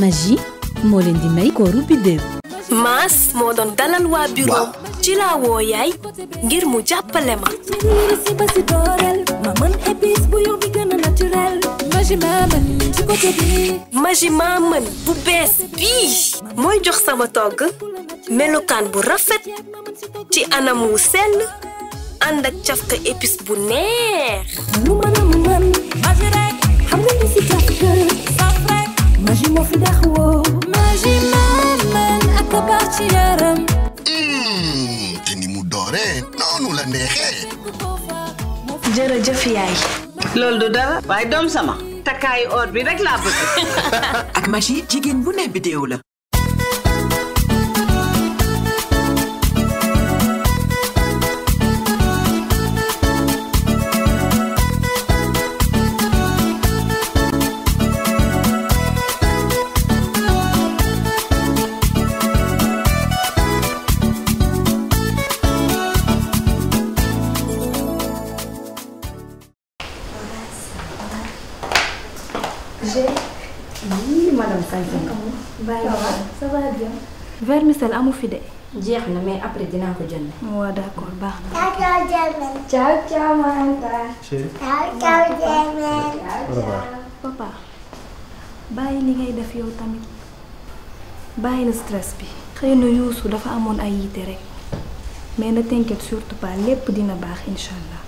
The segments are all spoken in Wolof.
magie moo moo doon dalal waa mu jàppale ma magie bu bees bii mooy jox sama togg melukaan bu rafet ci anam wu sell ànd ak cafka épice bu neex du dara waaye doom sama takkaayu or bi rek laa bëgg. ak Maggi jigéen bu ne bidéo la. yii madame Sañse amul. bàyyi ça va vermicelle amu fi de. jeex na mais après dinaa ko jënd. waaw d'accord baax na. ciao ciao. ciao ciao Manta. ciao ciao papa bàyyi li ngay def yow tamit bàyyi stress bi. xëy na Youssou dafa amoon ay yitte rek mais na t'inquiète surtout pas lépp dina baax incha allah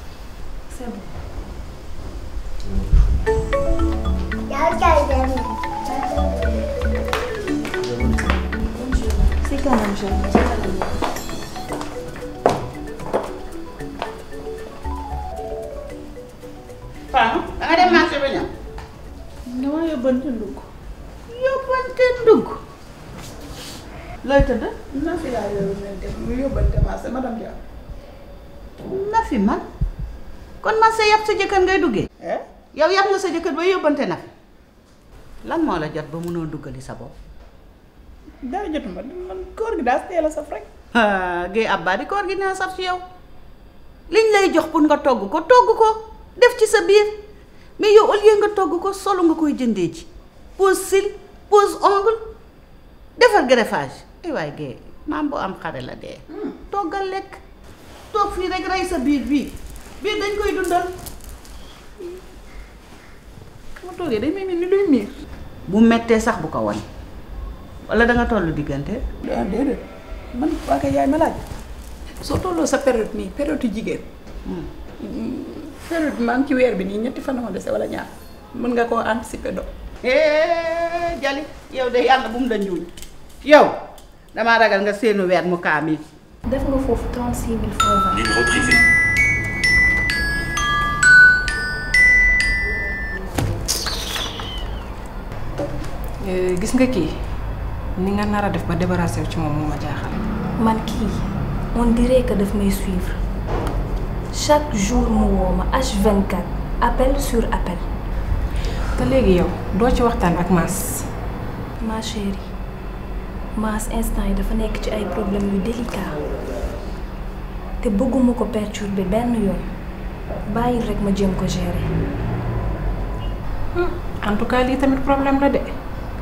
tamam canım. danga dem marché ba ñëw. dama yóbbante ndugg. yóbbante ndugg. looy tëdd. Nafi laa yóbbu ne def mu yóbbante marché madame Dia. Nafi man kon marché yàpp sa jëkkër ngay duggee. yow yàpp nga sa jëkkër ba yóbbante Nafi. lan moo la jot ba mënoo duggali sa bopp. dara jotuma man koor gi daa teel a saf rek. Guèye Abba di koor gi naa saf ci yow liñ lay jox pour nga togg ko togg ko def ci sa biir mais yow au lieu nga togg ko solo nga koy jëndee ci pose cils pose ongle defar greffage ay eh waay Guèye maam boo am xare la dee. Hmm. toggal lekk toog fii rek rey sa biir bii biir dañ koy dundal mu toogee day mel ni luy miir. bu mettee sax bu ko wane. wala da nga toll diggante. ah déedéet man waa kay yaay ma laaj soo tolloo sa période nii période jigéen. Hmm. période bi maam weer bi nii ñetti fan moo dese wala ñaar mën nga koo anticiper do eh, Jali yow de yàlla bu mu la ñuul yow damaa ragal nga seenu weer mu kaamil. def nga foofu 36 000 francs. ligne refusée. Eh, gis nga kii. ni nga nar a def ba débarrassé ci moom moo ma jaaxal. man kii on dirait que daf may suivre chaque jour mu woo ma H24 appel sur appel. te léegi yow doo ci waxtaan ak Mass. ma chérie Mass instant yi dafa nekk ci ay problèmes yu délicat te bëgguma ko perturber benn yoon bàyyi rek ma jëm ko gérer. Hmm, en tout cas lii tamit problème la de.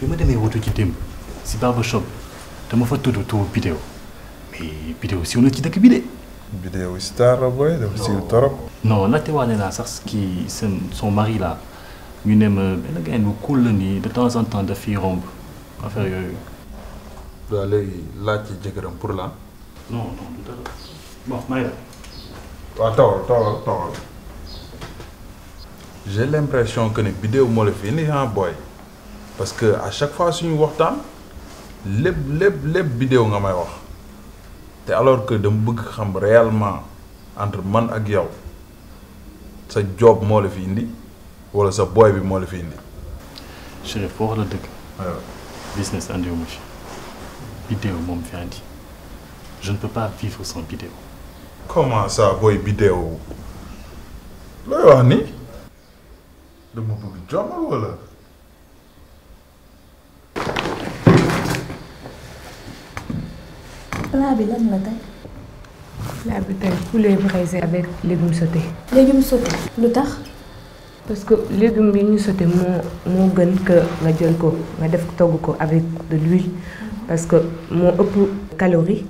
bi ma demee woto ci démb si barbershop dama fa tudd tuur bidéo mais bidéo siiw na ci dëkk bi de. bidéo star la booy dafa siiw torop. non laajte waale naa sax kii seen son mari la ñu ne ma benn gain bu cool la nii de temps en temps daf romb affaire yooyu. waaw léegi laaj ci jëkkëram pour la. non non du dara bon maa ngi waaw tawal tawal tawal. j'ai l'impression que ne bidéo moo la fi indi ah booy. parce que à chaque fois suñu waxtaan lépp lépp lépp vidéo nga may wax te alors que dama bëgg xam réellement entre man ak yow sa job moo la fi indi wala sa booy bi moo la fi indi. Chérif boo wax la dëgg. waaw business andiwuma moom fi andi je ne peux pas vivre sans vidéo. comment ça booy vidéo looy wax ni dama bëgg jomal wala. plat bi lan la tey. plat bi tey poulet braisé avec légumes sautés. légumes sautés lu tax. parce que légumes yi ñu sauté moo moo gën que nga jël ko nga def togg ko avec de l'huile parce moo ëpp calorie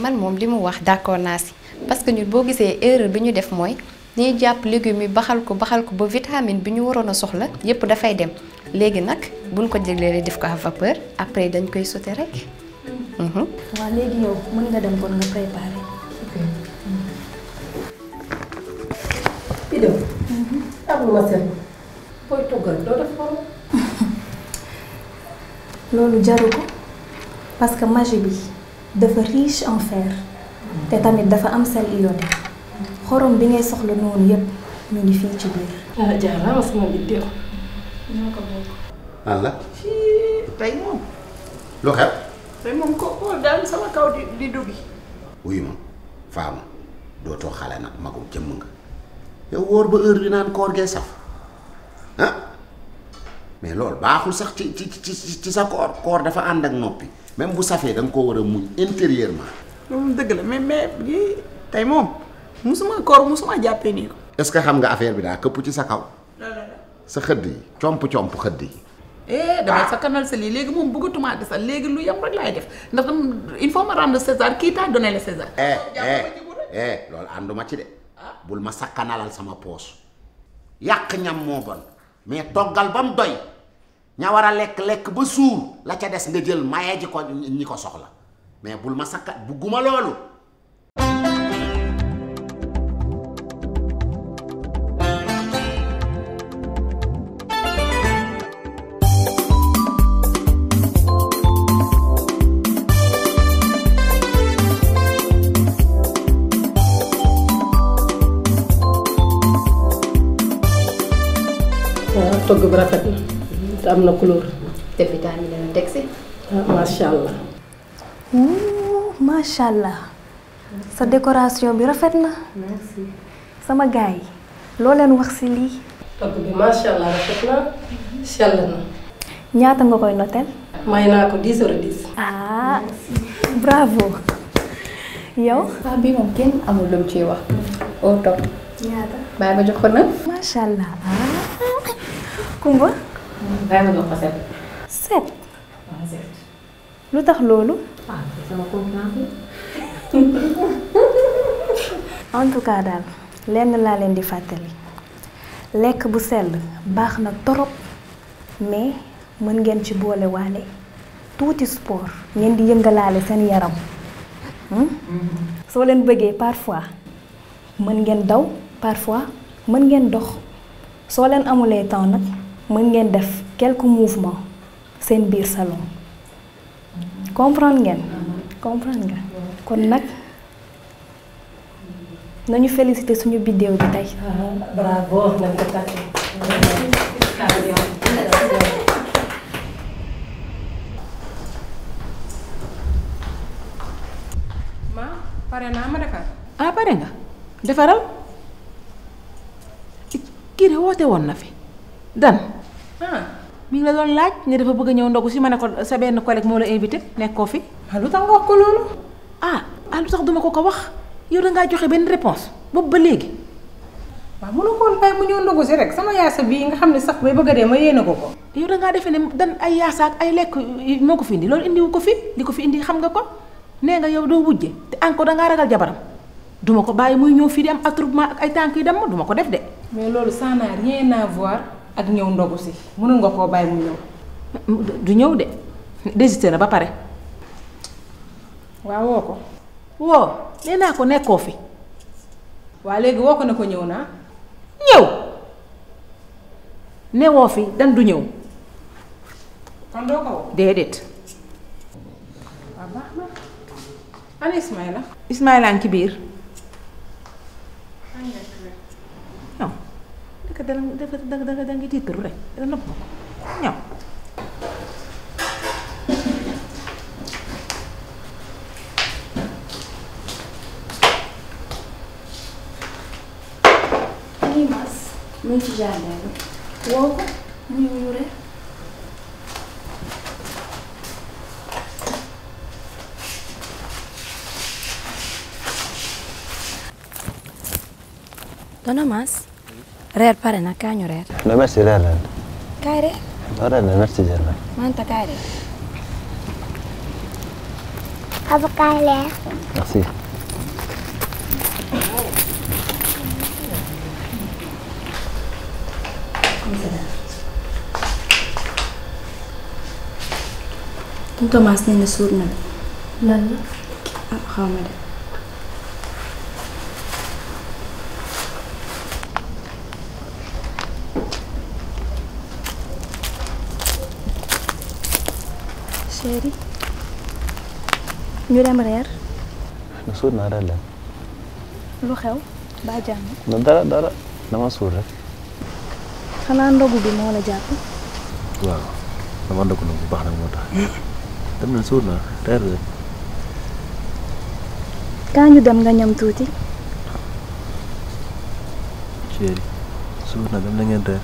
man moom li mu wax d'accord naa si parce que ñun boo gisee erreur bi ñu def mooy. ñiy jàpp légumes yi baxal ko baxal ko ba vitamine bi ñu waroon a soxla yépp dafay dem léegi nag buñ ko jéglee def ko à vapeur dañ koy sauté rek. Mhm. waaw léegi yow mën nga dem kon nga préparer. Ido. Mhm. table ma loolu jaru ko parce que magie bi dafa riche en fer hmm. te tamit dafa am sel iodé. xorom bi ngay soxla noonu yépp mu ngi fii ci biir. ah jaaraama ko bokk. naan moom. lu xew. tey moom ko koo daal sama kaw di di dugg. wuyu ma faama dootoo xale nag magum jëmm nga. yow wóor ba heure bi naan koor gee saf ah? mais loolu baaxul sax ci ci ci sa koor koor dafa ànd ak noppi même bu safee da ko war a muñ intérieurement. loolu dëgg la mais mais moom. musuma koor musuma jàppee nii. est-ce que xam nga affaire bi daa këpp ci sa kaw. sa xëdd yi comp comp xëdd yi. eh damay ah! sakkanal sa lii léegi moom bëggatuma des a léegi lu yem rek laay def ndax dama il faut ma rendre César kii taa donné le César. eh eh, eh loolu ànduma ci de. Ah. bul ma sakkanalal sama poos. yàq ñam moo bon mais toggal ba mu doy ña war a lekk lekk ba suur la ca des nga jël maye ji ko ñi ko soxla mais bul ma sakka bugguma loolu. togg bi rafet na te am na couleur. te vitamine la teg si. Ah, macha allah. macha allah sa décoration bi rafet na. sama gars yi loo leen wax si lii. togg bi macha allah rafet na sell ñaata nga koy noter. may naa ko 10 sur a ah bravo. yow. ah bii moom kenn amul lu mu ciy wax. au top. ñaata bàyyi ma jox ko nag. macha allah. Ah. set. lu tax loolu. ah en tout cas daal lenn laa leen di fàttali lekk bu sell baax na torop mais mën ngeen ci boole waale tuuti sport ngeen di yëngalaale seen yaram hmm? mm-hmm. soo leen bëggee parfois mën ngeen daw parfois mën ngeen dox soo leen amulee temps nag mën ngeen def quelques mouvements seen biir salon comprendre ngeen comprendre nga kon nag nañu félicité suñu biddéew bi tey bravo ma pare naa ah, nga defaral kii de woote woon na fi dan Ah. mi ngi la doon laaj ne dafa bëgg a ñëw ndogu si ma ne ko sa benn collègue moo la invité nekkoo fi. ah lu tax nga wax ko loolu. ah ah lu tax duma ko ko wax yow da ngaa joxe benn réponse boobu ba léegi. waaw mënu ko woon bàyyi mu ñëw ndogu si rek sama yaasa bii nga xam ne sax bay bëgg a dee ma yéene ko ko. yow da ngaa defee ne dan ay yaasa ak ay lekk moo ko fi indi loolu indiwu ko fi li ko fi indi xam nga ko nee nga yow doo wujje te encore da ngaa ragal jabaram duma ko bàyyi muy ñëw fii di am attroupement ay tànk yu dem duma ko def de. mais loolu ça n'a voir. ak ñëw ndogu si mënul nga koo bàyyi mu ñëw. du ñëw de désisté na ba pare. waaw woo ko. woo nee naa ko nekkoo fi. waa léegi woo ko na ko ñëw naa. ñëw. newoo fi dan du ñëw. kon doo ko déedéet. waaw baax na. ana Ismaïla. Ismaïla ngi ci biir. dafa danga danga tiitaru rek nopp ñaw mu ngi ci jardin bi woo ko mu ñëw ñu reer Tonton Mass reer pare na kaa reer. non merci reer reer. non reer la reer. na suur na de. lan la. ah xaw ma ñu dem reer. na suur naa reer leen. lu xew baa jàmm. na dara dara dama suur rek. xanaa ndogu bi moo la jàpp. waaw dama ndogu nag bu baax nag moo tax. dem na suur naa reer leen. kaa ñu dem nga ñam tuuti. chéri suur na dem na ngeen reer.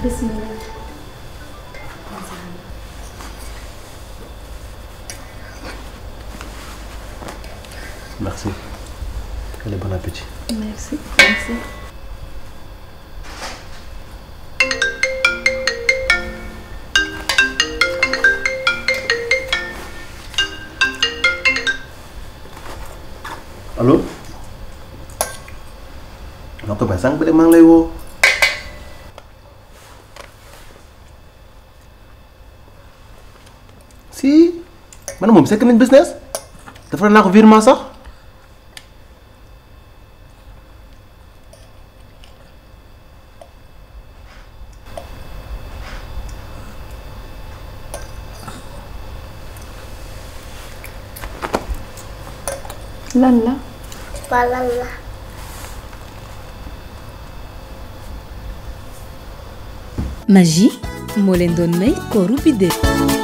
bismillah merci allez bon appétit merci merci allo noo ko bay sànq ba de maa ngi lay woo man moom sekk nañ business dafa naa ko virement sax lan la. waa lan la. Maggi moo leen